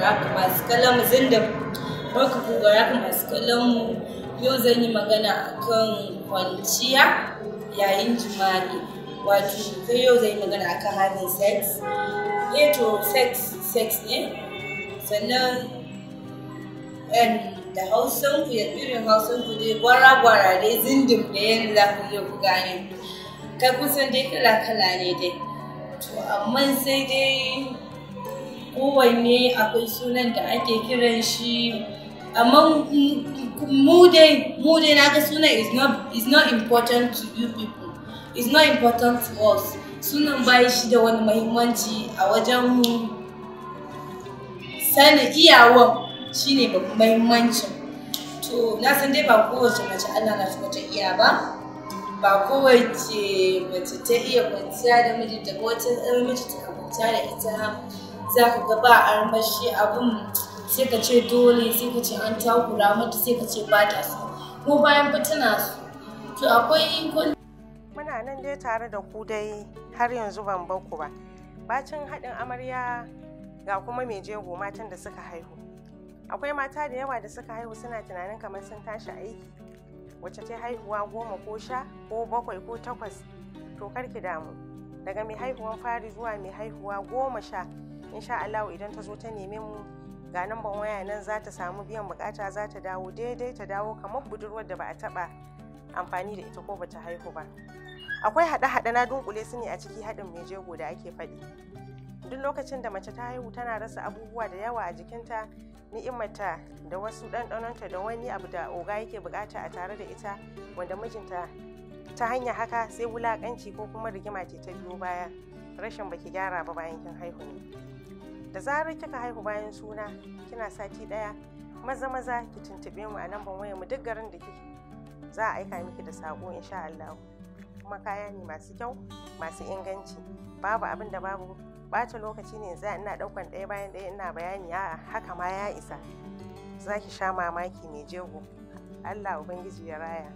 haka masu kallon mu zan da barka ku haka masu kallon mu yau zan yi magana akan kwanciya yayin jima'i wato sai yau zan yi magana akan having sex eh to sex sex ne sannan da hausan ku da irin hausan ku dai gwara-gwara dai zindim da yanzu za ku iya ku gane kai kusan dai kala-kala ne dai to amma sai dai kowanne akwai sunan da ake kiran shi amma mu dai mu dai na ga sunan is not is not important to you people is not important to us sunan bai shi da wani muhimmanci a wajen mu sanin iyawan shine babban muhimmancin to na san dai ba kowace mace Allah na ta iya ba ba kowace mace ta iya kwanciya da mijinta ko wata mijinta ta kwanciya da ita za ka ga ba armashi abin sai ka ce dole sai ka ce an takura mata sai ka ce ba ta so ko bayan ba tana to akwai muna nan dai tare da ku dai har yanzu ban bar ku ba bacin haɗin amarya ga kuma mai jego matan da suka haihu akwai mata da yawa da suka haihu suna tunanin kamar sun tashi aiki wacce ta haihuwa goma ko sha ko bakwai ko takwas to karki damu daga mai haihuwan fari zuwa mai haihuwa goma sha insha Allah idan ta zo ta neme mu ga namban waya nan za ta samu biyan bukata za ta dawo daidai ta dawo kamar budurwar da ba a taba amfani da ita ko ba ta haihu ba akwai haɗe-haɗe na dunkule su ne a ciki haɗin mai jego da ake faɗi duk lokacin da mace ta haihu tana rasa abubuwa da yawa a jikinta ni'imarta da wasu ɗanɗanonta da wani abu da oga yake bukata a tare da ita wanda mijinta ta hanya haka sai wulakanci ko kuma rigima ce ta biyo baya rashin baki gyara ba bayan kin haihu ne da zarar kika haihu bayan suna kina sati ɗaya maza maza ki tuntube mu a lambar wayar mu duk garin da kike za a aika miki da sako insha Allah kuma kaya ne masu kyau masu inganci babu abin da babu bata lokaci ne yanzu ina ɗaukan ɗaya bayan ɗaya ina bayani a haka ma ya isa za ki sha mamaki mai jego Allah Ubangiji ya raya.